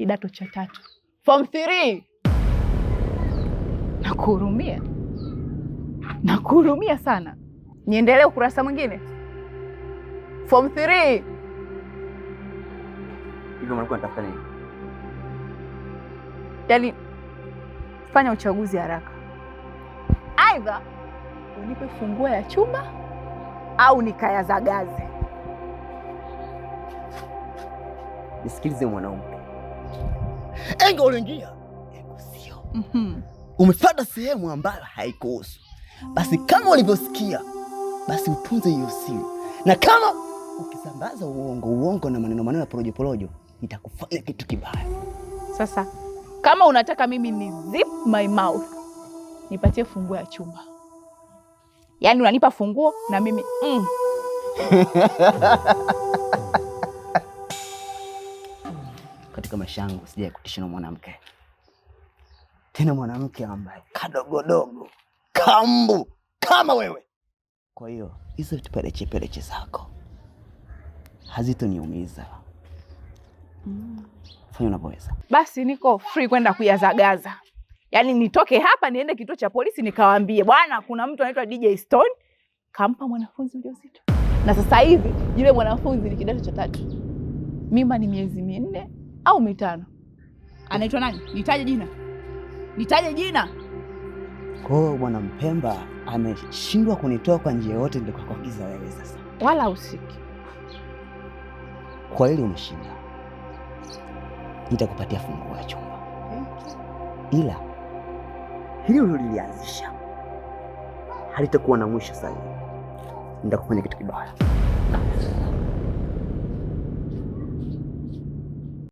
kidato cha tatu form 3. Nakuhurumia, nakuhurumia sana. Niendelee ukurasa mwingine, form 3. Hivyo mlikuwa mnatafuta nini? Yaani fanya uchaguzi haraka, aidha unipe funguo ya chumba au nikaya za gazi. Nisikilize mwanaume Engo uliingia engo sio, mm -hmm. Umefata sehemu ambayo haikuhusu. Basi kama ulivyosikia, basi utunze hiyo siri, na kama ukisambaza uongo uongo na maneno maneno ya porojo porojo, nitakufanya kitu kibaya. Sasa kama unataka mimi ni zip my mouth, nipatie funguo ya chumba, yaani unanipa funguo na mimi mm. katika maisha yangu sijai kutishwa na mwanamke tena, mwanamke ambaye kadogodogo kambu kama wewe. Kwa hiyo hizo tupeleche peleche zako hazitoniumiza. Mm. Fanya unavyoweza. Basi niko free kwenda kuyazagaza, yaani nitoke hapa niende kituo cha polisi nikawaambie, bwana, kuna mtu anaitwa DJ Stone kampa mwanafunzi ujauzito na sasa hivi yule mwanafunzi ni kidato cha tatu, mimba ni miezi minne au mitano. Anaitwa nani? Nitaje jina, nitaje jina. Kwa hiyo bwana Mpemba ameshindwa kunitoa kwa njia yote kuagiza wewe. Sasa wala usiki kwa hili, umeshinda. Nitakupatia funguo ya chumba, ila hili ulilianzisha halitakuwa na mwisho. Sasa nitakufanya kitu kibaya.